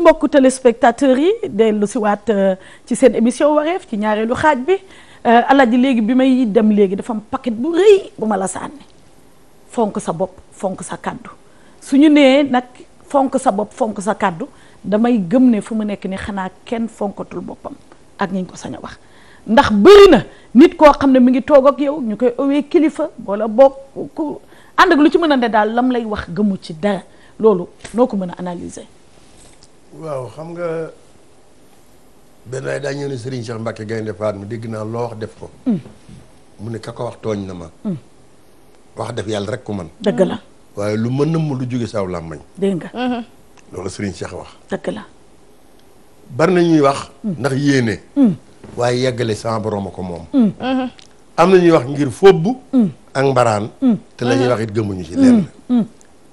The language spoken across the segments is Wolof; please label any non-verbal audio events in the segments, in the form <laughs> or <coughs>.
mbokku téléspectateurs yi dellu si waat euh, ci seen émission wareef ci ñaareelu xaaj bi euh, Alaaji léegi bi may dem léegi dafa am paquet bu rëy bu ma la sànni fonk sa bopp fonk sa kàddu suñu nee nag fonk sa bopp fonk sa kàddu damay gëm ne fu mu nekk ni xanaa kenn fonkatul boppam ak ñiñ ko sañ a wax ndax bëri na nit koo xam ne mu ngi toog ak yow ñu koy owee kilifa wala bokk ku ànd ak lu ci mën a ne daal lam lay wax gëmu ci dara loolu noo ko mën a analyser waaw xam nga benn waaye daa ñëw ne Serigne Cheikh Mbacke Gaynde Fatma dégg naa loo wax def ko. Mm. mu ne ka ko wax tooñ na ma. Mm. wax def yàlla rek ku man dëgg la waaye lu mën na mu lu jóge saw làmmañ dégg nga. Mm-hmm. wax. dëgg la. bari na ñuy wax. Mm. ndax yéene. waaye yeggale sama borom a ko moom. Mm-hmm. am na ñuy wax ngir fóbbu. ak mbaraan. te la ñuy mm-hmm. wax gëmuñu ci leen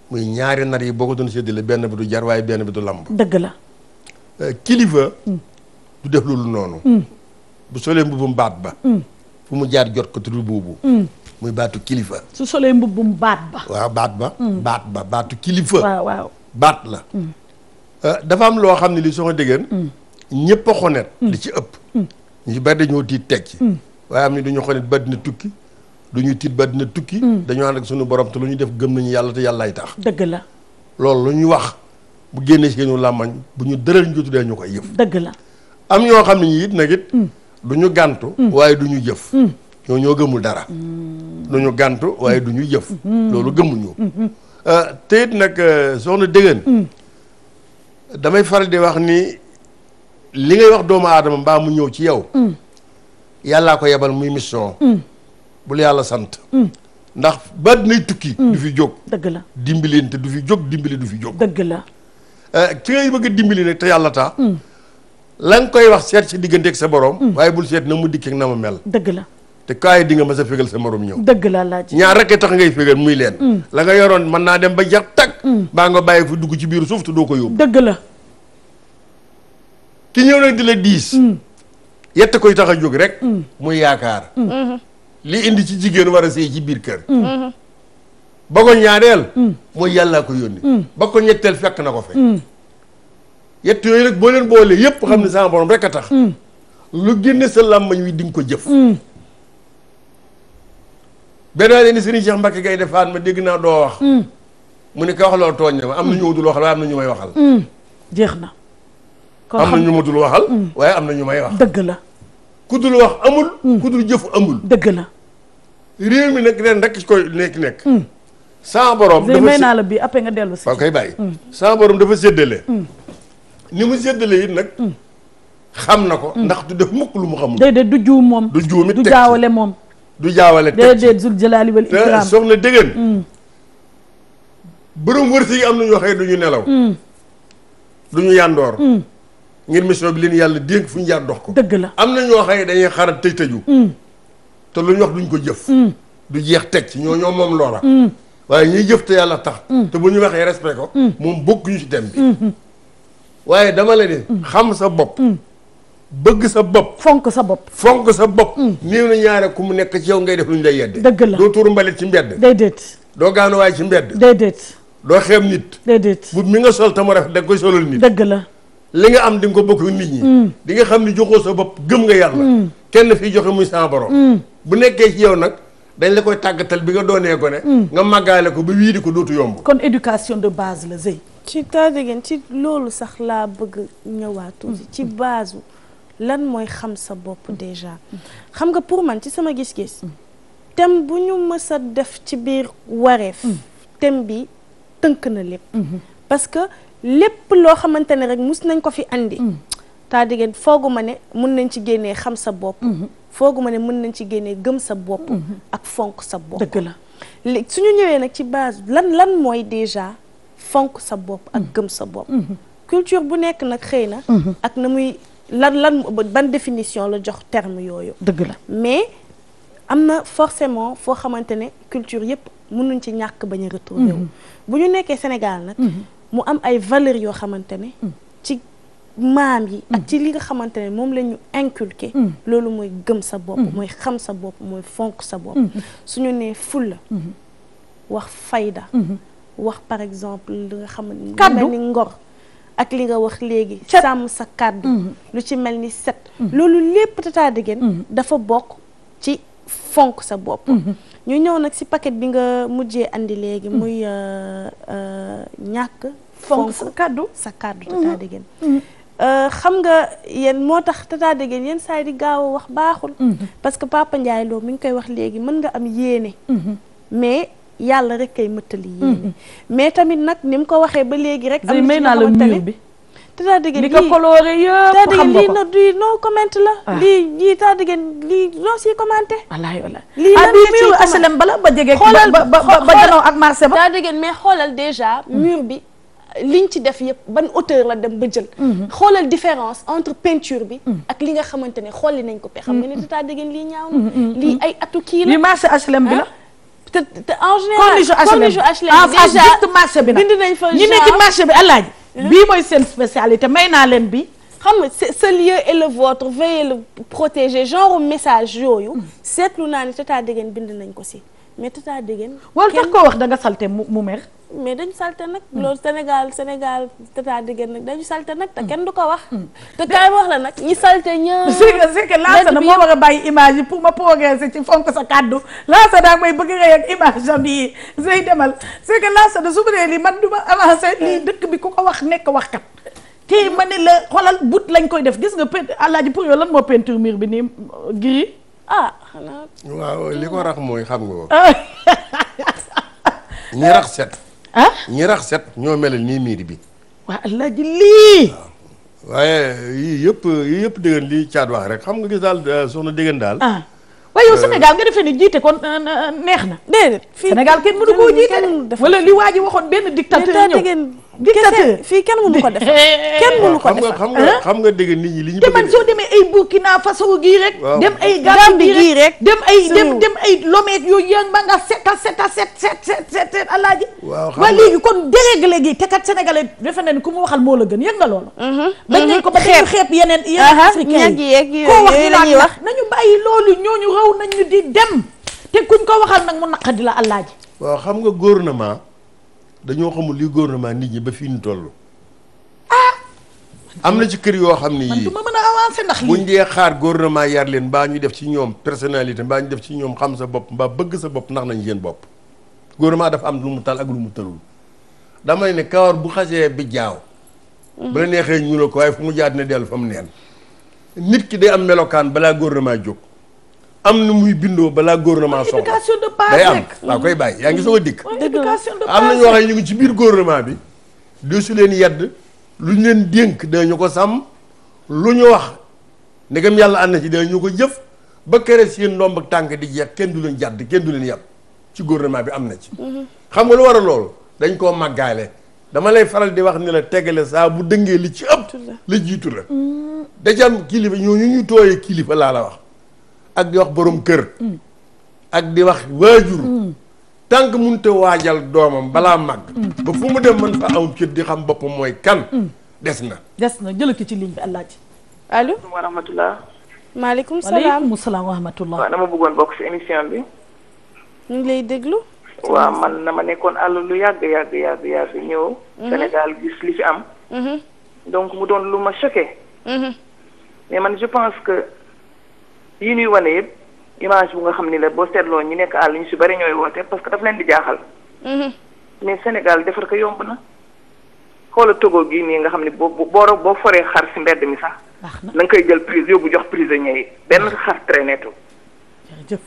muy ñaari nar yi boo ko doon séddale benn bi du jar waaye benn bi du lamb. dëgg la. Euh, kilifa. Mm. du def loolu noonu. Mm. bu solee mbubbum baat ba. Mm. fu mu jaar jot ko tudd boobu. muy baatu kilifa. su solee mbubbum baat ba. waaw baat ba. baat ba baatu kilifa. baat la. Euh, dafa am loo xam ne li soo ko déggee. ñëpp xonet. li ci ëpp. ñu ci bari dañoo tiit tekki. waaye am ni duñu xonet ba dina tukki. du ñuy tiit ba dina tukki. Mm. dañoo ànd ak sunu borom te lu ñu def gëm nañu yàlla te yàllaay tax. dëgg la. loolu lu ñuy wax bu génnee si ñu làmmañ bu ñu dëral ñu tuddee ñu koy yëf. dëgg la am ñoo xam ne ñi it nag it. Mm. du ñu gàntu. waaye du ñu jëf. ñoo ñoo gëmul dara. du ñu gàntu waaye du ñu jëf. loolu gëmuñu. Mm-hmm. Euh, te it nag euh, soxna dëggan mm. damay faral di wax ni li ngay wax doomu aadama mbaa mu ñëw ci yow. yàllaa ko yebal muy mission. bul yàlla sant. ndax ba nay tukki. Mm. du fi jóg dëgg la dimbilin te du fi jóg dimbali du fi jóg. dëgg la. Eh, ki ngay bëgg dimbali nag te yàlla taa. Mm. la nga koy wax seet si digganteeg sa borom. Mm. waaye bul seet na mu dikkeeg na ma mel. dëgg la. te kaay di nga mës a fégal sa morom ñëw. dëgg la laaj. ñaar rekk tax ngay fégal muy leen. la nga yoroon mën naa dem ba jeex takk baa nga bàyyi fi dugg ci biir suuf te doo ko yóbbu. dëgg la. ki ñëw nag di la diis. yett koy tax a jóg rek. muy yaakaar. Mm-hmm. li indi ci jigéen war a sëy ci biir kër mm. mm-hmm. ba ko ñaareel mm. mooy yàllaa ko yónni mm. ba ko ñetteel fekk na ko fe yett yooyu nag boo leen boole yëpp xam ne sama borom rek a tax lu génne sa làmmañ wi di ko jëf beneen leen ni Serigne Cheikh Mbacke Gaye defaat ma dégg naa doo wax mu ne ka wax loolu tooñ na ma am na ñu ma waxal waaye am na ñu may waxal na kon ñu ma waxal waaye am na ñu may wax dëgg la ku dul wax amul ku dul jëfu amul dëgg la réew mi nag ren rek koy nekk nekk. Hmm. sans dafa bii après nga dellu si. waaw kay bàyyi. Hmm. dafa séddale. Hmm. ni mu séddalee it nag. xam na ko. ndax du def mukk lu mu xamul. déedéet du juum moom. du juum it du jaawale moom. du jaawale teg déedéet zul jalaali wal ikraam soxna dëggan. borom wërsëg yi am na ñoo xëy du ñu nelaw. du ñu yàndoor. ngir mission bi leen yàlla dénk fu ñu jaar dox ko. dëgg la am na ñoo xëy dañuy xarat tëj tëju. te lu ñu wax duñ ko jëf. Mm. du jeex teg ci ñoo ñoo moom loola. Mm. waaye ñuy jëf te yàlla tax. Mm. te bu ñu waxee respect ko. moom ñu ci thème bi. Mm-hmm. waaye dama la ne. xam sa bopp. bëgg sa bopp. fonk sa bopp. fonk sa bopp. néew na ñaare ku mu nekk ci yow ngay def lu ñu lay yedde. dëgg la doo tuur mbalit ci mbedd. déedéet. doo gaanuwaay ci mbedd. déedéet. doo xeeb nit. déedéet bu mi nga sol tam rafet da nga koy solal nit. dëgg la. li nga am di nga ko bokk nit ñi. di nga xam ne joxoo sa bopp gëm nga yàlla. kenn fi joxe muy sa borom. bu nekkee ci yow nag dañ la koy tàggatal bi nga doonee gone hmm. nga màggaale ko ba wii di ko dootu yomb kon éducation de base la sëy ci tadégeen ci loolu sax laa bëgg ñëwaatu hmm. ci base lan mooy xam sa bopp hmm. déjà xam nga pour man ci sama gis-gis thème bu ñu mësa def ci biir wareef thème bi tënk na lépp parce que lépp loo xamante ne rek mus nañ ko fi andi tadigéen fooguma ne mun nañ ci génnee xam sa bopp mhm. fooguma ne mun nañ ci génnee gëm sa bopp mhm. ak fonk sa bopp dëgg la suñu ñëwee nag ci base lan lan mooy déjà fonk sa bopp ak mhm. gëm sa bopp culture bu nekk nag xëy na ak na muy lan lan ban définition la jox terme yooyu dëgg la mais am na forcément foo xamante ne culture yëpp mënuñ ci ñàkk bañ a retrouvé bu ñu nekkee Sénégal nag mu am ay valeurs yoo xamante ne ci maam yi ak ci mm. li nga xamante ne moom lañu ñu mm. loolu mooy gëm sa bopp mm. mooy xam sa bopp mooy fonk sa bopp suñu nee fulla mm-hmm. wax fayda mm-hmm. wax par exemple li nga xamante ne kàddu mel ngor ak li nga wax léegi sàmm sa kàddu mm-hmm. lu ci mel ni set loolu lépp tataa dëggeen dafa bokk ci fonk sa bopp ñu ñëw nag si paquet bi nga mujjee indi léegi muy euh, euh, ñàkk fonk sa kàddu sa kàddu Euh, xam nga yéen moo tax tata dégg yéen saa di gaaw a wax baaxul. Mm-hmm. parce que papa Ndiaye loo mi ngi koy wax léegi mën nga am yéene. Mm-hmm. mais yàlla rek kay mëttali yéene. Mm-hmm. mais tamit nag ni ko waxee ba léegi rek. am na ci tamit bi. tata dégg li ko coloré yëpp xam nga ko lii na du no comment la. Ah. lii lii tata dégg lii loo siy commenté. wallaahi wallaahi lii ah, lan bala ba jege. xoolal ba ba ba janoo ak marché ba. tata dégg mais xoolal déjà mm. mur bi. liñ ci def yëpp ban auteur la dem ba jël. Mhm. xoolal différence entre peinture bi. Mhm. ak li nga xamante ne xolli nañ ko. pe xam nga ne dafa dégg lii ñaaw na. Mhm, lii ay atu kii la li marché HLM bi la. Ah. te te en général corniche HLM H&M en face juste marché bi nag bind nañ fa ñu nekk marché bi alaaji. bii mooy seen spécialité may naa leen bii. xam nga ce lieu est le vôtre veuillez genre message yooyu. Hmm. seetlu naa ne tata dégg bind nañ ko si mais tata dégg. kenn wala tax koo wax da nga m mu mu mais dañu salte nag. loolu Sénégal Sénégal tata Degene nag dañu salte nag. te kenn du ko wax. te kaay wax la nag ñi salte ñëpp. <laughs> c'est que c'est que Lansana moo war a bàyyi image yi pour ma progresser ci fonk sa kàddu Lansana may bëgg rey ak image am yi say demal c'est que Lansana su ma nee man du ma avancé lii dëkk bi ku ko wax nekk wax kat. kii ma ne la xoolal but lañ koy def gis nga pe alaaji pour yow lan moo peinture mur bi nii giri ah xanaa. waaw li ko rax mooy xam nga ko. Ah. ñi rax set. ah ñi rax set ñoo melal nii miir bi waa allah ji lii waaye yii yëpp yii lii caat rek xam nga gis daal euh, soxna dégg daal ah. waaye yow euh, Sénégal nga defee ni jiite kon euh, neex na déedéet Sénégal kenn mënu koo jiite wala li waa ji waxoon benn dictateur ñëw dictateur fii kenn mënu ko def <laughs> kenn mënu ko def xam nga xam nga dégg li ñu te man soo demee ay Burkina Faso gii rek dem ay Gambie gii rek dem ay dem dem ay Lomé yooyu yaa nga a set a set set set set set alaaji waaw léegi kon déréglé gi te kat sénégalais defe na ni ku mu waxal la gën yëg nga loolu mhm, mhm. bañ nañ ko ba dañu xeeb yeneen yeneen africain yi koo wax ñu wax nañu bàyyi loolu ñooñu raw nañu di dem te kuñ ko waxal nag mu naqadi la alaaji waaw xam nga góor gouvernement dañoo xamul li gouvernement nit ñi ba fii ñu toll. Ah! am na ci kër yoo xam ne yii man dee xaar gouvernement yar leen mbaa ñu def ci ñoom personnalité mbaa ñu def ci ñoom xam sa bopp mbaa bëgg sa bopp ndax nañ seen bopp gouvernement dafa am lu mu tal ak lu mu talul dama ne kawar bu xasee bi jaaw. Mm. bu la neexee ñu la ko waaye fu mu jaat ne dellu fa mu neen. nit ki day am melokaan balaa gouvernement jóg. am na muy bindoo balaa gouvernement soxla éducation de base day am waaw koy bàyyi yaa ngi soog a dikk am na ñoo xam ne ñu ngi ci biir gouvernement bi du su leen yedd lu ñu leen dénk dañu ko sàmm lu ñu wax ndegam yàlla ànd na ci dañu ko jëf ba kere seen ndomb tànk di jeex kenn du leen jàdd kenn du leen yàpp ci gouvernement bi am na ci mhm. xam nga lu war a loolu dañ koo màggaale dama lay faral di wax ni la tegale saa bu dëngee li ci ëpp la jiitu la mhm. da ci am kilifa ñooñu ñu tooyee kilifa wax ak di wax borom kër ak di wax waajur tànk munte waajal doomam balaa màgg ba fu mu dem mën fa am cër di xam boppam mooy kan des na des na jëla ki ci ligne bi àllaaji allo wa rahmatullah maaleykum salaam waaleykum salaam dama bëggoon bokk si émission bi ñu ngi lay déglu waaw man na ma nekkoon àll lu yàgg yàgg yàgg yàgg ñëw mhm. gis li fi am mhm. donc mu doon lu ma choqué mhm. mais man je pense que yi ñuy wane yëpp image bu nga xam ni la boo seetloo ñi nekk àll ñu si bari ñooy woote parce que daf leen di jaaxal. Mm-hmm. mais Sénégal defar ko yomb na. xoolal Togo gi nii nga xam ne boo boo boo foree xar si mbedd mi sax. na koy jël prise yóbbu jox prisonniers yi benn mm-hmm. xar traîner tu. jërëjëf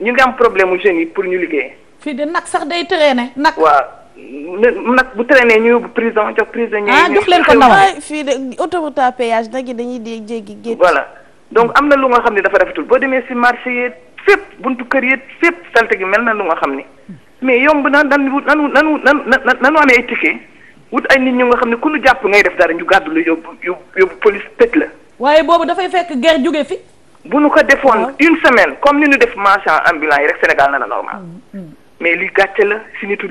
ñu ngi am problème mu jeunes yi pour ñu liggéey. fii de nag sax day traîner nag. waaw. nag bu traîner ñu yóbbu prison jox prisonniers. ah jox leen ko nawal fii de autoroute à péage nag yi dañuy dee jéggi géej. donc am na lu nga xam ne dafa rafetul boo demee si marché yi fépp buntu kër yi fépp salte gi mel na lu nga xam ne mais yomb na nan wut nan nan na nu amee ay ticket wut ay nit ñu nga xam ne ku nu jàpp ngay def dara ñu gàddu la yóbbu yóbbu police tëj la. waaye boobu dafay fekk guerre jóge fi. bu nu ko defoon une semaine comme ni ñu def marchand ambulant yi rek Sénégal na la normal. Mm, mm. mais li gàcce la si nitu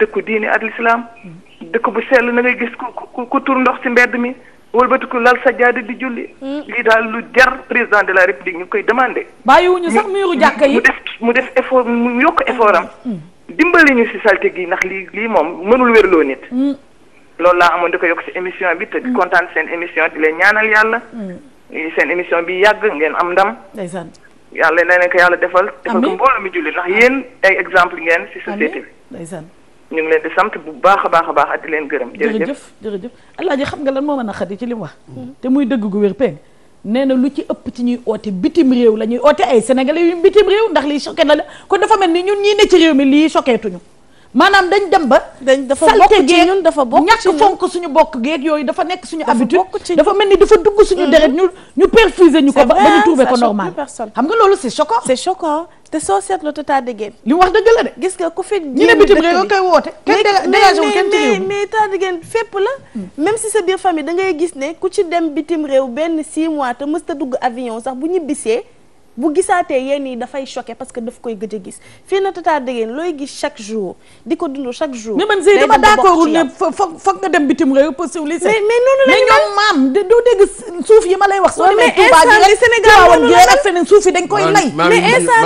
dëkku diine ak lislaam mm. dëkk bu sell na ngay gis ku ku ku tur ndox si mbedd mi. wëlbatiku lal sa jaada di julli. Hmm. lii daal lu jar président de la république ñu koy demandé. bàyyiwuñu sax muru jàkka yi mu def mu def effort mu yokk effort am. Hmm. dimbali ñu si salte gi ndax lii lii moom mënul wérloo nit. Hmm. loolu laa amoon di ko yokk si émission bi te di kontaan seen émission di leen ñaanal yàlla. seen émission bi yàgg ngeen am ndam. ndeysaan. yàlla na leen ko yàlla defal. defal ko mbooloo mi julli ndax yéen ay exemple ngeen si société bi. ñu ngi leen di sant bu baax a baax a baax ak di leen gërëm. jërëjëf jërëjëf Alaaji xam nga lan moo mën a xadi ci li mu wax. te muy dëgg gu wér peng. nee na lu ci ëpp ci ñuy oote bitim réew la ñuy oote ay sénégalais yu bitim réew ndax lii choqué na la kon dafa mel ni ñun ñii ne ci réew mi lii choqué maanaam dañ dem ba dañ dafa bokk ci ñun dafa bokk ci ñun ñàkk suñu bokk geeg yooyu dafa nekk suñu habitude dafa mel ni dafa dugg suñu mm-hmm. deret ñu ñu perfuser ñu ko ba ñu trouvé ko normal xam nga loolu c'est choquant c'est choquant te soo seetloo Tata Déguène li mu wax dëgg la de gis nga ku fi ñu ne bitim réew nga koy woote kenn dégagé wu kenn ci réew mais Tata Déguène fépp la mm. même si sa biir famille da ngay gis ne ku ci dem bitim réew benn six mois te mës ta dugg avion sax bu ñibbisee bu gisaatee yenn yi dafay choqué parce que daf koy gëj a gis fii na Tata Déguène looy gis chaque jour di ko dund chaque jour. mais man Seye dama d'accord ne suuf yi ma lay wax. soo demee Touba gi rek Sénégal gi rek feneen suuf yi dañ koy lay. mais instant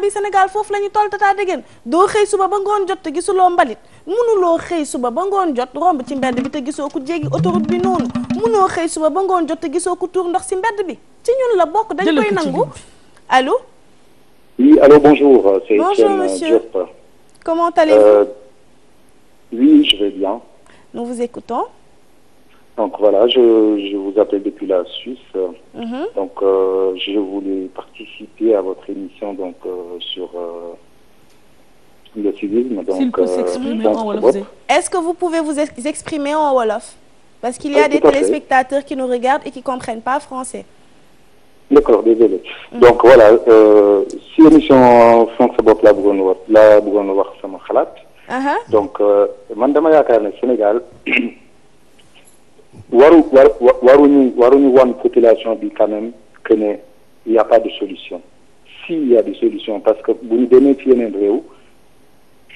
bi Sénégal foofu la ñu toll Tata Déguène doo xëy suba ba ngoon jot te gisuloo mbalit munuloo xëy suba ba ngoon jot romb ci mbedd bi te gisoo ko jéggi autoroute bi noonu munoo xëy suba ba ngoon jot te gisoo ko tuur ndox si mbedd bi ci ñun la bokk dañ alo nangu allô oui allô bonjour euh, c'est Etienne Diop euh, vous écoutons donc voilà je vous appelle depuis la Suisse mm-hmm. euh, je voulais participer à votre émission donc sur le civisme donc s'il peut euh, s'exprimer en wolof est-ce que vous pouvez vous exprimer en wolof parce qu'il y a des téléspectateurs qui nous regardent et qui comprennent pas français d'accord désolé mm. donc voilà euh, si émission Fonk sa bopp laa bëggoon wax laa bëggoon wax sama xalaat donc euh, man dama yaakaar ne Sénégal <coughs> waru war waruñu waruñu wan population bi quand même que ne il y a pas de solution s'il y a des solutions parce que bu ñu demee ci yeneen réew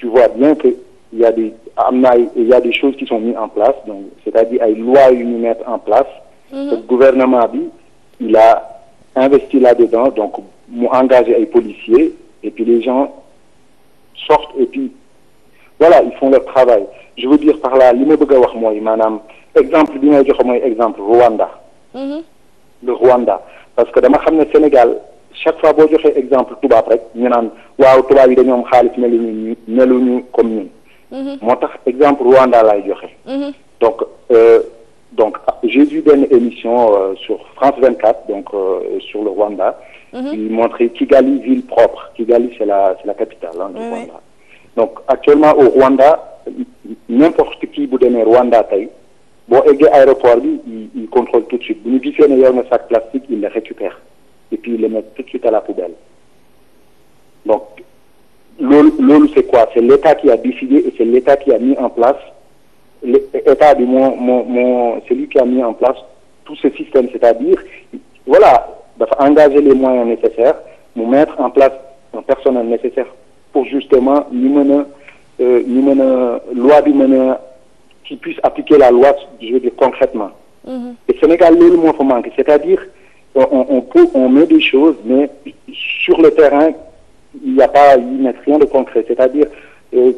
tu vois bien que y a des am na ay il y a des choses qui sont mises en place donc c'est-à-dire ay lois yu ñu mettre en place. Mhm. le gouvernement bi il a investi là-dedans donc mu engagé ay policier et puis les gens sortent et puis voilà ils font leur travail je veux dire par là li ma bëgg wax mooy maanaam exemple bi may joxe mooy exemple Rwanda. Mhm. le Rwanda parce que dama xam ne Sénégal. chaque fois boo joxee exemple tubaab rek ñu naan waaw tubaab yi dañoo am xaalis meluñu meluñu comme ñun. Mhm. moo tax exemple Rwanda laay joxe. Mhm. donc euh, donc ah, j'ai benn émission euh, sur France 24 donc euh, sur le Rwanda. Mhm. qui montrait Kigali ville propre Kigali c'est la c'est la capitale hein, du Rwanda. donc actuellement au Rwanda n'importe qui bu demee Rwanda tey boo eggee aéroport bi il, il contrôle tout de suite bu ñu gisee ne yor na sac plastique il le récupère et puis les mettre tout de suite à la poubelle. Donc, l'eau, c'est quoi C'est l'État qui a décidé et c'est l'État qui a mis en place, l'État du moins, mon, mon, celui qui a mis en place tout ce système, c'est-à-dire, voilà, engager les moyens nécessaires, nous mettre en place un personnel nécessaire pour justement nous mener, euh, nous mener, loi du mener, qui puisse appliquer la loi, je veux dire, concrètement. Mm -hmm. Sénégal, l'eau, le moins faut manquer, c'est-à-dire, Euh, on, on, peut, on met des choses, mais sur le terrain, il n'y a pas, il n'y a rien de concret. C'est-à-dire, euh,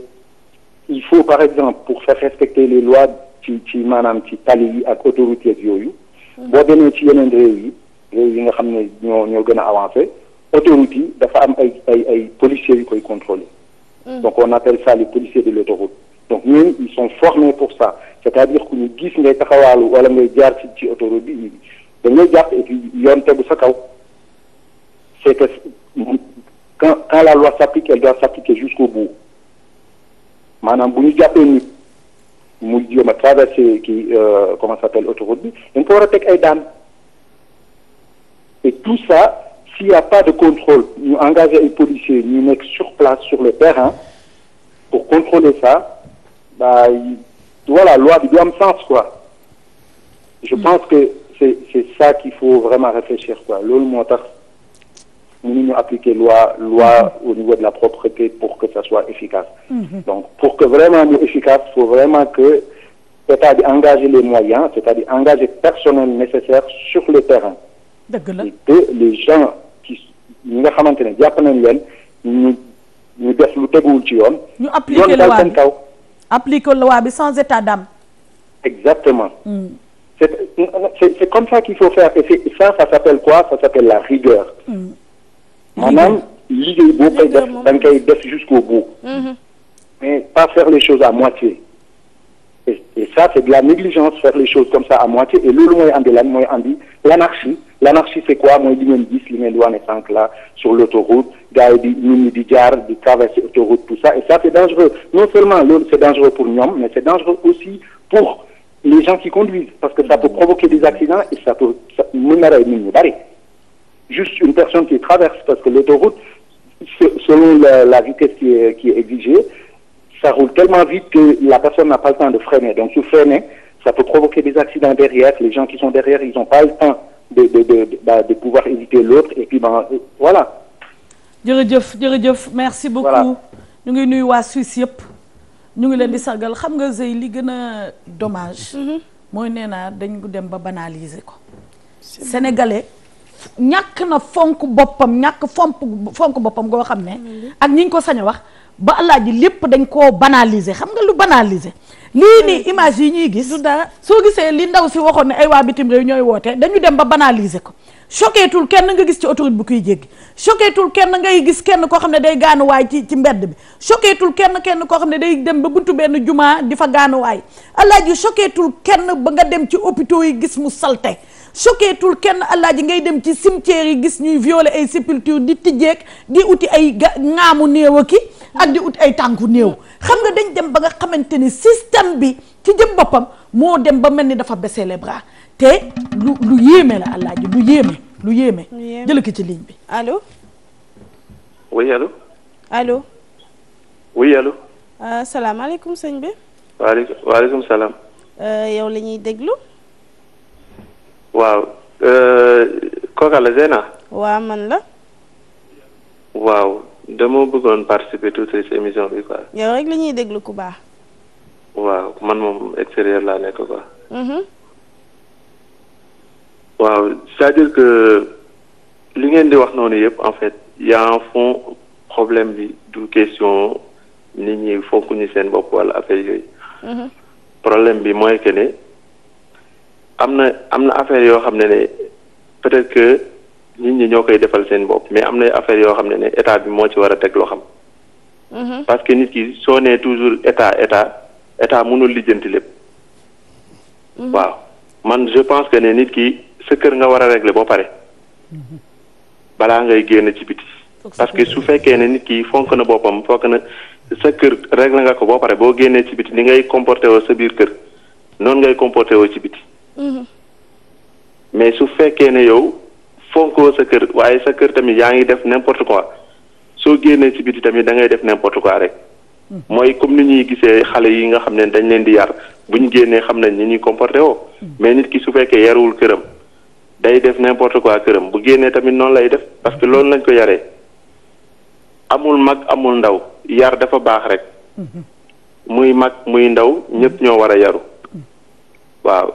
il faut, par exemple, pour faire respecter les lois ci ci maanaam ci tali yi ak autoroute yeeg yooyu. Mhm. boo demee ci yeneen réew yi réew yi nga xam ne ñoo ñoo gën a avancé autoroute yi dafa am ay ay ay policiers yu koy contrôler mhm. donc on appelle ça les policiers de l'autoroute donc ñun ils sont formés pour ça c'est-à-dire que ñu gis ngay taxawaalu wala ngay jaar ci ci autoroute dañoo jàpp et puis yoon tegu sa kaw c' est que quand quand la loi s'applique elle doit s'appliquer jusqu'au bout maanaam bu ñu jàppee nit mu jéem a traversé kii euh, comment s'appelle autoroute bi dañ ko war a teg ay daan et tou sa s'il y a pas de contrôle ñu engagé ay policiers ñu nekk sur place sur le terrain pour contrôler ça bah voilà loi bi du am sens quoi je mm. pense que c'est c'est ça qu'il faut vraiment réfléchir quoi loolu moo tax mënuñu appliquer loi loi au niveau de la propreté pour que ça soit efficace mhm. donc pour que vraiment ñu efficace faut vraiment que état bi engager le moyens c'est-à-dire engager personnel nécessaire sur le terrain dëgg la le les ki qui ñi nga xamante ne jàpp nañ leen ñu ñu def lu teguwul ci yoon ñu appliquer loi bi appliquer loi bi sans état d'âme exactement mm. C'est comme ça qu'il faut faire. Et ça, ça s'appelle quoi Ça s'appelle la rigueur. maanaam liggéey boo koy def da nga koy def jusqu'au bout. Mm-hmm. mais pas faire les choses à moitié. et et ça c'est de la négligence faire les choses comme ça à moitié et loolu mooy andi lan mooy andi l'anarchie l'anarchie c'est quoi mooy li ngeen gis li ngeen di wane sànq là sur l'autoroute gars yi di nit ñi di jaar di traverser autoroute tout ça et ça c'est dangereux non seulement loolu c'est dangereux pour ñoom mais c'est dangereux aussi pour. les gens qui conduisent parce que ça peut provoquer des accidents et ça peut mën na juste une personne qui traverse parce que l'autoroute selon la, la vitesse qui est, qui est exigée ça roule tellement vite que la personne n'a pas le temps de freiner donc su freiner ça peut provoquer des accidents derrière les gens qui sont derrière ils n'ont pas le temps de de pouvoir éviter l'autre et puis euh, voilà ngi nuyu waa Suisse yëpp ñu ngi leen di sargal xam nga sëy li gën a dommage mm-hmm. mooy nee naa dañ ko dem ba banaliser ko sénégalais ñàkk na fonk boppam ñàkk fomp fonk boppam goo xam ne mm-hmm. ak ñi ñu ko sañ a wax ba alaaji lépp dañ koo banaliser xam nga lu banaliser lii nii hmm. image yi ñuy gis. du dara soo gisee li ndaw si waxoon ne ay waa bitim réew ñooy woote dañu dem ba banaliser ko. choqué kenn nga gis ci autoroute bu kuy jéggi choqué tul kenn ngay gis kenn koo xam ne day gaanuwaay ci ci mbedd bi choqué kenn kenn koo xam ne day dem ba buntu benn jumaa di fa gaanuwaay alaaji choqué tul kenn ba nga dem ci hôpitaux yi gis mu salte choqueetul kenn ji ngay dem ci cimetière yi gis ñuy violer ay sépulture di tijjeeg di uti ay ga ŋaamu néew ki ak di uti ay tànku néew xam nga dañ dem ba nga xamante ni système bi ci jëm boppam moo dem ba mel ni dafa baisser les bras te lu lu yéeme la alaaji lu yéeme lu yéeme jël ko ci ligne bi allo oui allo allo oui allo euh, salaamaaleykum sëñ bi waaleykum salaam euh, yow lañuy ñuy déglu waaw kooka euh, la Zeyna. waaw man la. waaw dama bëggoon participer tuuti ci émission bi quoi. yow rek la ñuy déglu ku baax. waaw man moom extérieur laa nekk quoi. Mm-hmm. waaw c'est-à-dire que li ngeen di wax noonu yëpp en fait y a un fond problème bi du question nit ñi fonkuñu seen bopp wala affaire yooyu. Mm-hmm. problème bi mooy que ne. am na am na affaire yoo xam ne ne peut-être que nit ñi ñoo koy defal seen bopp mais am na affaire yoo xam ne ne état bi moo ci war a teg loo xam. Mhm. parce que nit ki soo nee toujours état état état mënul lijjanti lépp. Mhm. waaw man je pense que ne nit ki sa kër nga war a régler ba pare. Mhm. balaa ngay génn ci biti. parce que su fekkee ne nit ki fonk na boppam fonk na sa kër régler nga ko boo pare boo génnee ci biti ni ngay comporté woo sa biir kër noonu ngay comporté woo ci biti. Mm-hmm. mais su fekkee ne yow fonkoo sa kër waaye sa kër tamit yaa ngi def n'importe quoi soo génnee si biti tamit da ngay def n'importe quoi rek mm-hmm. mooy comme ni ñuy gisee xale yi nga xam ne dañ leen di yar bu ñu génnee xam nañ ni ñuy comporté woo mm-hmm. mais nit ki su fekkee yaruwul këram day def n'importe quoi këram bu génnee tamit noonu lay def parce que loolu lañ ko yaree amul mag amul ndaw yar dafa baax rek muy mag muy ndaw ñëpp ñoo war a yaru waaw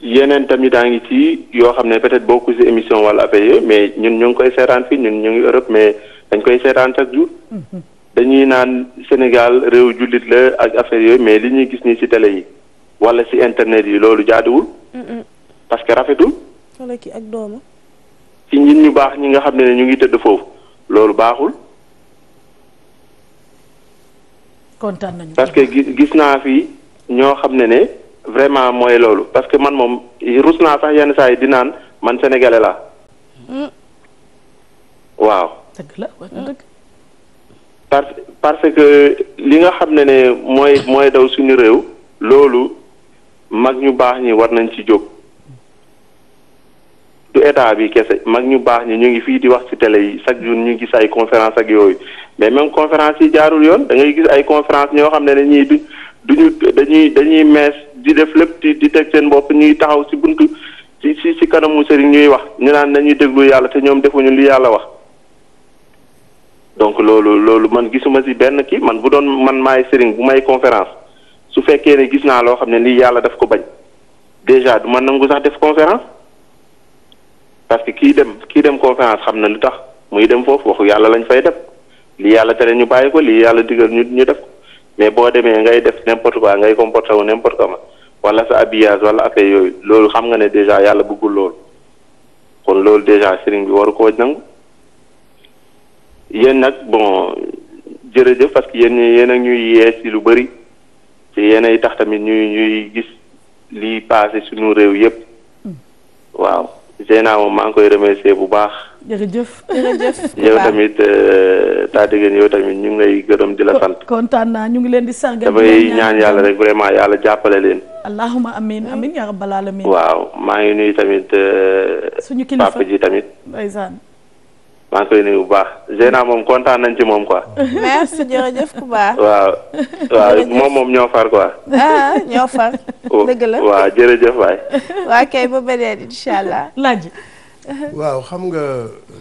yeneen tamit daa ngi ci yoo xam ne peut-être bokku ci émission wala affaire mais ñun ñu ngi koy seetaan fii ñun ñu ngi Europe mais dañ koy seetaan chaque mm-hmm. dañuy naan Sénégal réew jullit la ak affaire yooyu mais li ñuy gis nii ci télé yi wala ci internet yi loolu jaaduwul. Mm-hmm. parce que rafetul. wala ki ak dooma ci ñun ñu baax ñi nga xam ne ñu ngi tëdd foofu loolu baaxul. kontaan parce que gis gis naa fi ñoo xam ne ne. vraiment mooy loolu parce que man moom rus naa sax yenn saa yi di naan man sénégalais laa. Hmm. waaw. dëgg la parce que li nga xam ne ne mooy mooy daw suñu réew loolu mag ñu baax ñi war nañ ci jóg du état bi kese mag ñu baax ñi ñu ngi fii di wax ci télé yi chaque jour ñu gis ay conférence ak yooyu mais même conférence yi jaarul yoon da ngay gis ay conférence ñoo xam ne ne ñii du duñu dañuy dañuy mees. di def lépp di di teg seen bopp ñuy taxaw ci bunt ci si si kanamu sëriñ ñuy wax ñu naan ñuy déglu yàlla te ñoom defuñu li yàlla wax. donc loolu loolu man gisuma si benn kii man bu doon man maay sëriñ bu may conférence su fekkee ne gis naa loo xam ne lii yàlla daf ko bañ déjà du ma nangu sax def conférence parce que kii dem kii dem conférence xam na lu tax muy dem foofu yàlla lañ fay def lii yàlla tere ñu bàyyi ko lii yàlla digal ñu ñu def ko mais boo demee ngay def n'importe quoi ngay comporté wu n'importe comment wala sa habillage wala affaire yooyu loolu xam nga ne dèjà yàlla buggul loolu kon loolu dèjà sëriñ bi waru koo nangu yéen nag bon jërëjëf parce que yéen yéen a ñuy yee si lu bëri te yenn ay tax tamit ñuy ñuy gis lii passé suñu réew yépp hmm. waaw Zeyna moom maa ngi koy remercier bu baax. jërëjëf jëf <laughs> yow tamit euh, taa dégg yow tamit ñu ngi lay gërëm di la sant. kontaan naa ñu ngi leen di sargal. damay ñaan yàlla rek vraiment yàlla jàppale leen. allahuma amin amin ya rabbal alamin. waaw maa ngi nuyu tamit. Euh, suñu kilifa ji tamit. ndeysaan. maa ngi koy nuyu bu baax moom kontaan nañ ci moom quoi. <laughs> merci jërëjëf ku baax. <laughs> waaw waaw moom moom ñoo far quoi. ah ñoo far. <laughs> dëgg la waaw waa kay ba beneen incha allah laaj. waaw xam nga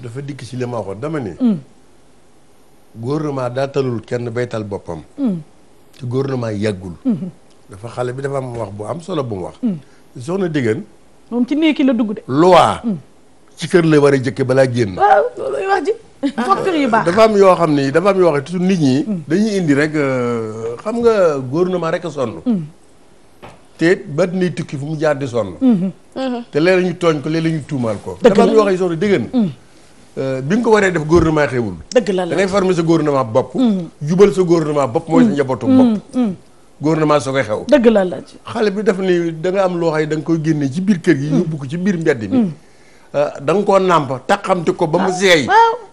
dafa dikk ci li dama ne. Mm. gouvernement kenn baytal boppam. Mm. te gouvernement yàggul. Mm-hmm. dafa xale bi dafa am wax bu am solo bum mu wax. Mm. soxna Diggan. moom ci néeg la dugg de. loi. ci kër la war a jëkke balaa génn. waaw loolu dafa am yoo xam ni dafa am yoo xam ni ñi. dañuy indi rek euh, xam nga gouvernement rek a sonn. Mm-hmm. te ba ni tukki fu mu jaar di sonn. Mm-hmm. Mm-hmm. te léeg ñu tooñ ko léeg la ñu tuumaal ko. dafa am yoo xam ne dëgg mm. euh, bi nga ko waree def gouvernement xewul. dëgg la da ngay former sa gouvernement bopp. jubal sa gouvernement bopp mooy sa njabootu bopp. gouvernement soo koy xew. dëgg la la xale bi daf ni da am loo xam ne da koy génne ci biir kër gi. Mm. yóbbu ko ci biir mbedd mi. Mm. Euh, da nga koo nàmp taxamti ko ba mu ah, seey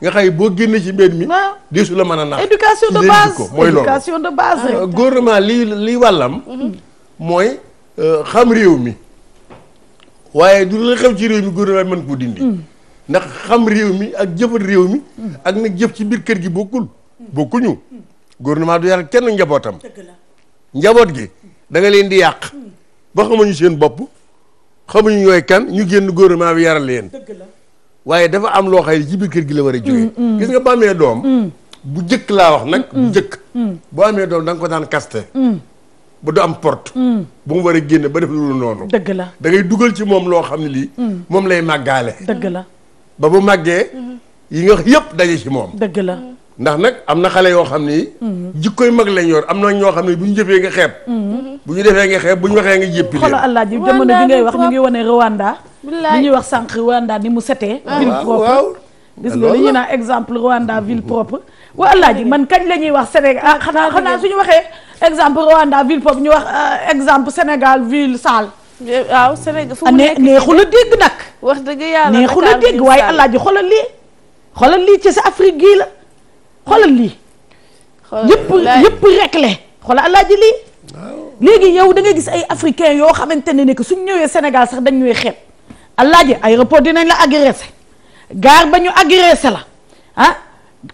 nga xëy boo génne ci mbir mi di su la mën a nàmp éducation de base mooy loolu éducation de base euh, gouvernement li li wàllam mhm. mooy euh, xam réew mi waaye du la xew ci réew mi gouvernement mën koo dindi mhm. ndax xam réew mi ak jëfat réew mi mhm. ak na jëf ci biir kër gi bokkul bokkuñu gouvernement du yar kenn njabootam njaboot gi danga leen di yàq ba xamuñu seen bopp xamuñu ñooy kan ñu génn gouvernement bi yaral leen waaye dafa am loo xay ci biir kër gi la war a jógee mm, mm. gis nga bu amee doom mm. bu jëkk laa wax nag bu jëkk boo amee doom da ko daan kaste bu du am porte bu mu war a génn ba def loolu noonu dëgg la da ngay dugal ci moom loo xam ne lii moom lay màggaale dëgg la ba bu màggee mm-hmm. yi nga yëpp daje ci moom dëgg la ndax nag am na xale yoo xam ni. jikkoy mag lañ yor am na ñoo xam ne bu ñu jëfee nga xeeb. bu ñu defee nga xeeb bu ñu waxee nga jéppi leen. xoolal allah ji jamono ji ngay wax ñu ngi wane Rwanda. li ñuy wax sànq Rwanda ni mu setee. Ah. ville propre gis nga li ñuy exemple Rwanda ville propre. wa allah ji man kañ la ñuy wax Sénégal ah xanaa xanaa suñu waxee exemple Rwanda ville propre ñu wax euh, exemple Sénégal ville sale. waaw Sénégal fu mu neexul a dégg nag. wax dëgg yàlla neexul a dégg waaye allah ji xoolal lii. xoolal lii ci sa Afrique gii la xoolal lii. xoolal yëpp le réglé xoolal ji lii. léegi yow da nga gis ay africain yoo xamante ne ne suñ ñëwee Sénégal sax dañ ñuy xeeb alaaji aéroport dinañ la agressé gaar ba ñu agressé la ah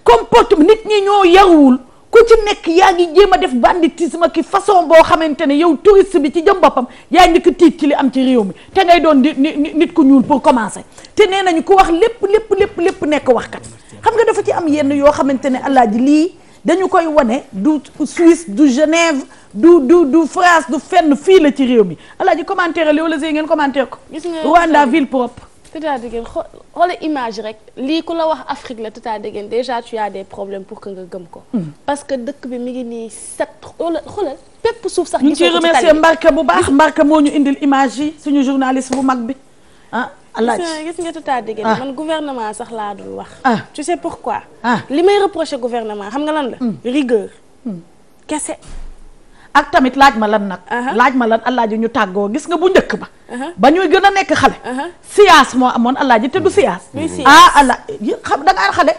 comportement nit ñi ñoo yaruwul. ku ci nekk yaa ngi jéem a def banditisme ki façon boo xamante ne yow touriste bi ci jëm boppam yaa njëkk tiit ci li am ci réew mi te ngay doon nit nit ku ñuul pour commencer te nee nañu ku wax lépp lépp lépp lépp nekk waxkat xam nga dafa ci am yenn yoo xamante ne Alaaji lii dañu koy wane du Suisse du Genève du du du France du fenn fii la ci réew mi Alaaji commentaire li wala sey ngeen commentaire ko Rwanda ville propre Tata Déguène xoolal image rek lii ku la wax Afrique la Tata Déguène déjà tu as des problème pour que nga gëm ko. Hmm. parce que dëkk bi mi ngi nii set xoolal xoolal pépp suuf sax. ñu ciy remercier mbarke bu baax Mbarka moo ñu indil image yi suñu journaliste bu mag bi ah. alaaj gis nga Tata Déguène ah. man gouvernement sax laa dul wax. Ah. tu sais pourquoi. Ah. li may reprocher gouvernement xam nga lan la. Hmm. rigueur. Hmm. kese. ak tamit laaj ma lan nag. laaj ma lan alaaji ñu tàggoo gis nga bu njëkk ba. Uh-huh. ba ñuy gën a nekk xale uh-huh. siyaas moo amoon alaaji te du mm-hmm. siyaas ah ala xam da nga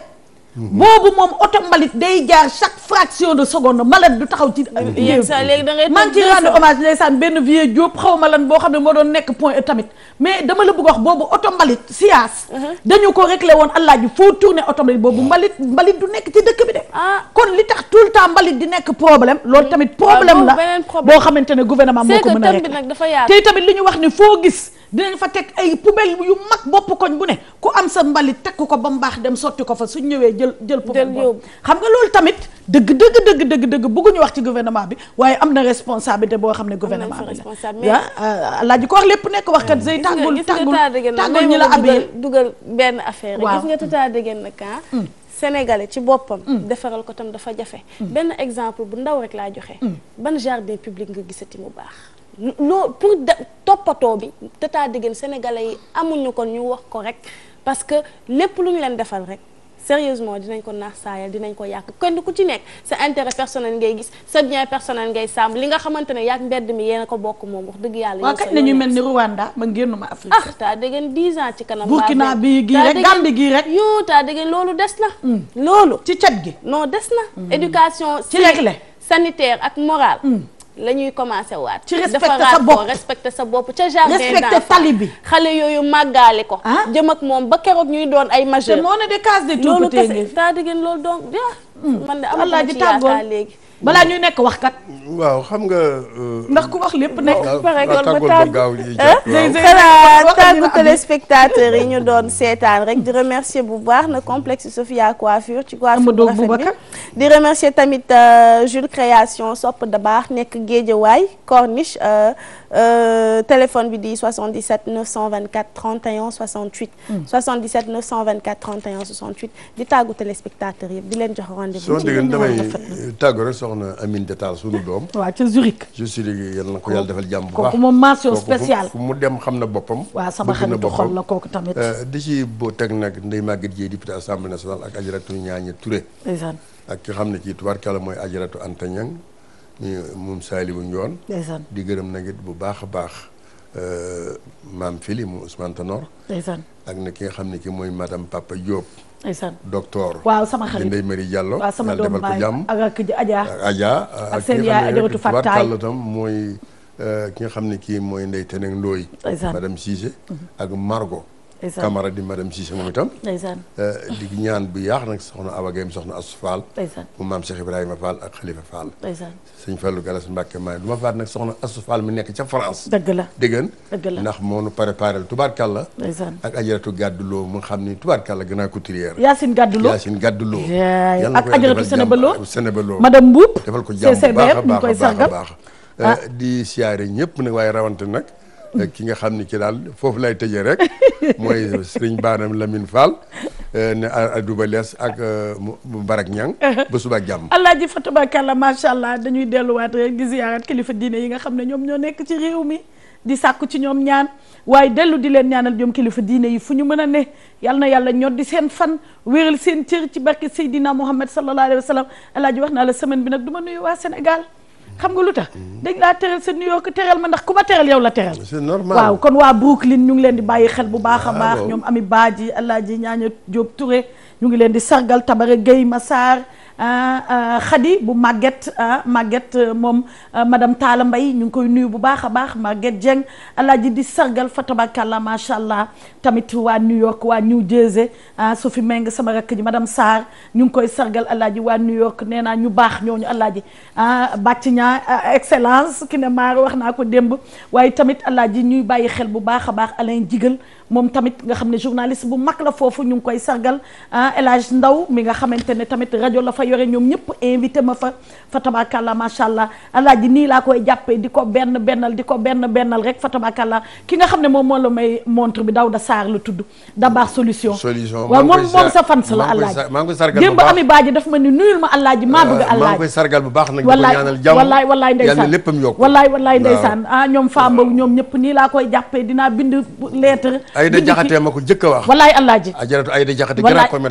boobu moom oto mbalit day jaar chaque fraction de seconde malade du taxaw ci. Mm-hmm. yéen saa léegi da ngay maa ngi ciy rendre hommage ndeysaan benn vieux Diop xaw lan boo xam ne moo doon nekk point e tamit mais dama la bëgg wax boobu oto mbalit siyaas. Mm-hmm. dañu ko réglé woon allah ji foo tourné oto mbalit boobu mbalit mbalit du nekk ci dëkk bi de. Ah. kon li tax tout le temps mbalit di nekk problème. loolu tamit mm-hmm. problème la boo xamante ne gouvernement moo ko mën a réglé. c'est que te tamit li ñu wax ni foo gis. dinañ fa teg ay poubelle yu mag bopp koñ bu ne ku am sa mbalit teg ko ba mu baax dem sotti ko fa suñ ñëwee jël jël poubelle boobu xam nga loolu tamit dëgg dëgg dëgg dëgg dëgg wax ci gouvernement bi waaye am na responsabilité boo xam ne gouvernement bi la ah, ah, alaaji ko lépp nekk wax kat zey tàggul tàggul tàggul ñi la abiyel dugal benn affaire gis nga tata mm. dëgg nag ah, mm. sénégalais ci boppam mm. defaral ko tam dafa jafe benn exemple bu ndaw rek laa joxe ban jardin publique nga gisati mu baax non pour toppatoo bi te tata dëggan sénégalais yi amuñu kon ñu wax ko rek parce que lépp lu ñu leen defal rek sérieusement dinañ ko naax saayal dinañ ko yàq kenn ku ci nekk sa intérêt personnel ngay gis sa bien personnel ngay sàmm li nga xamante ne yàgg mbedd mi yéen a ko bokk moom wax dëgg yàlla. waaw kañ la ñu mel ni Rwanda man génnuma Afrique. ah taa dégg ngeen 10 ans ci kanam. Burkina bii gii rek Gambie gii rek. yoo taa dégg loolu des na. Mm. loolu ci cet gi. noo des na. Mm. éducation. ci le sanitaire ak morale. Mm. la ñuy commencé waat. ci respecté sa bopp respecté sa bopp ca jardin respecté tali bi. xale yooyu màggaale ko. Ah? jëm ak moom ba keroog ñuy doon ay majeur. te moo ne de case de tout loolu kese taa diggéen loolu donc man de amatuñu ci yaakaar léegi. balaa ñuy nekk wax kat. waaw xam nga. Euh, ndax ku wax lépp nekk. pare kon ma tàggu xanaa tàggu ñu doon seetaan rek di remercier bu baax na complex Sophia coiffure ci coiffure bu rafet bi di remercier tamit euh, Jules Création sopp da baax nekk Géejawaay Corniche. Euh, Euh, téléphone bi di 77 924 31 68. 77 924 31 68 di tàggu téléspectateur yëpp di leen jox rendez-vous. ci biir damay tàggu rek soxna Aminata Tall na doom. <laughs> waaw ca Zurich. je suis yàlla na ko yàlla defal jàmm bu baax kooku moom mention spéciale. mu dem xam na boppam. waaw sama xaritu xol euh, di ci boo teg nag Ndeye Maguette Dieye député assemblée nationale ak Adjaratou Niagne Touré. ak ki xam ne ci tubaarkàlla mooy Adjaratou Anta Niang. moom Saliou Ndione di gërëm nag bu baax a baax euh, maam Fili mu Ousmane Tanor ak na ki nga xam ne ki mooy madame Papa Diop ndeysaan docteur waaw sama xarit Ndeye Marie Diallo waaw sama doom baay ak Adja ak Adja seen yaay Adjaratou Fattaay tam mooy euh, ki nga xam ne kii mooy Ndeye Teneng Ndoye madame Cissé mhm. ak margo Camara di madame Cissé moom itam euh, di ñaan bu yaax nag soxna Awa Gaye soxna Assou Fall mu maam Cheikh Ibrahima Fall ak Khalifa Fall sëñ Fallou Galas Mbacke maa du faat nag soxna Assou Fall mi nekk ca France dëgg la dëggan ndax moo nu préparé tubaarkàlla ak ajaratu gàdduloo mu xam ni tubaarkàlla gën a couturière Yacine gàdduloo Yacine gàdduloo ak ajaratu Sénébaloo Sénébaloo madame defal ko jàmm baax a baax euh, a ah. baax di siyaare ñëpp nag waaye rawante nag ki nga xam ni ki daal foofu lay tëjee rek <laughs> mooy sëriñ Baanam Lamine Fall eh, ne Aduba Les ak eh, Mbarak Ñang uh-huh. ba suba ak jàmm allah ji fatabakàlla macha allah dañuy delluwaat rek di ziyaarat kilifa diine yi nga xam ne ñoom ñoo nekk ci réew mi di sàkku ci ñoom ñaan waaye dellu di leen ñaanal ñoom kilifa diine yi fu ñu mën a ne yal na yàlla ñor di seen fan wéeral seen cër ci barke Seydina Muhammad sallallahu alayhi wa sallam alaaji wax naa la semaine bi nag du ma nuyu waa Sénégal xam nga lu tax dañ laa teral sa New York teral ma ndax ku ma teral yow la teral c'est normal waaw kon waa Brooklyn ñu ngi leen di bàyyi xel bu baax a ah, baax ñoom Ami Badji Alaaji Ñaaña Jóob Touré ñu ngi leen di sargal Tabara Gueye Massar xadi euh, euh, bu Maguette euh, Maguette moom madam taala mbay ñu ngi koy nuyu bu baax a baax Maguette Dieng ji di sargal fatabakalla macha allah tamit waa New York waa New Jersey su fi méng sama rakk ji madame Sarr ñu ngi koy sargal alaaji waa New nee naa ñu baax ñooñu alaaji bàcc ñaa excellence ki ne maar wax naa ko démb waaye tamit ji ñuy bàyyi xel bu baax a baax Alain Jigal moom tamit nga xam ne journaliste bu mag la foofu ñu ngi koy sargal El Hadj Ndaw mi nga xamante ne tamit rajo la fa fa yore ñoom ñëpp invité ma fa fa tabakalla macha allah alaaji nii laa koy jàppee di ko benn bennal di ko benn bennal rek fa tabakalla ki nga xam ne moom moom sa fans la alaaji maa ngi koy sargal bu baax démb ami baaji daf ma ni nuyul ma alaaji maa bëgg alaaji maa ngi koy sargal bu baax nag. wallaay wallaay wallaay ndeysaan yàlla léppam yokk wallaay wallaay ndeysaan ah ñoom Fambaw ñoom ñëpp nii laa koy jàppee dinaa bind lettre Ayda Jaxate ma ko jëkk a wax wallaay alaaji ajaratu Ayda Jaxate grand ma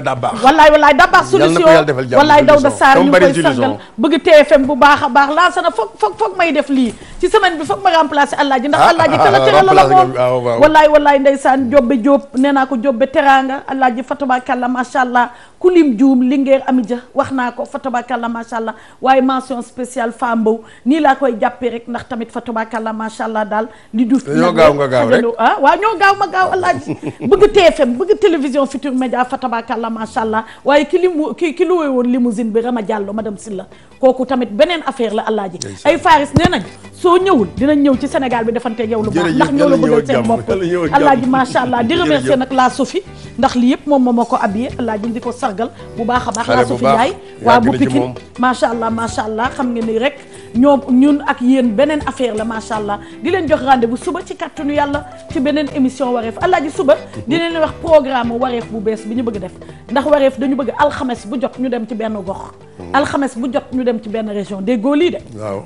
Dabar wallaay wallaay Dabar solution yàlla defal jàmm wallaay Daouda Sarr ñu koy sangal bëgg TFM bu baax a baax laa sana foog may def lii ci semaine bi foog ma remplacer Alaaji ndax ah, Alaaji ah, kala teral la moom ah, wallaay wallaay ndeysaan jobbe Jóob nee jobbe teranga Alaaji Fatuma Kalla macha allah ku lim juum Linguère Amidia wax naa ko fatabakalla macha allah waaye mention spéciale Fa Mbow nii laa koy jàppee rek ndax tamit fatabakalla macha allah daal li duuf ñoo gaaw nga gaaw rek ah waaw ñoo gaaw ma gaaw alaaji <laughs> bëgg TFM bëgg télévision Futur Média fatabakalla macha allah waaye ki limu ki ki luwe woon limousine bi Rama Diallo madame la kooku tamit beneen affaire la Alaaji ay Faris nee nañ soo ñëwul dinañ ñëw ci Sénégal bi defanteeg yow lu baax ndax ñoo la bëggal seen bopp Alaaji macha allah di remercier nag la Sophie ndax li yëpp moom moom moo ko habillé Alaaji di ko sargal bu baax a baax la Sophie Ndiaye waa bu Pikine macha allah macha allah xam nga nii rek ñoom ñun ak yéen beneen affaire la macha allah di leen jox rendez-vous suba ci kàttanu yàlla ci beneen émission wareef alaaji suba di leen wax programme wareef bu bees bi ñu bëgg def ndax wareef dañu bëgg alxames bu jot ñu dem ci benn gox hmm. alxames bu jot ñu dem ci benn région déggoo lii de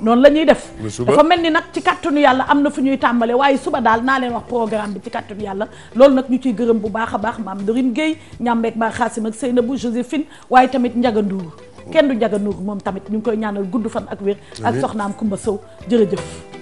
noonu la ñuy def dafa mel ni nag ci kàttanu yàlla am na fu ñuy tàmbale waaye suba daal naa leen wax programme bi ci kàttanu yàlla loolu nag ñu ciy gërëm bu baax a baax maam Dorine Gueye ñambeeg ba xaasim ak Seynabou Joséphine waaye tamit Njaga Ndour kenn du njaganóor moom tamit ñu ngi koy ñaanal gudd fan ak wér ak soxnaam Kumba Sow jërëjëf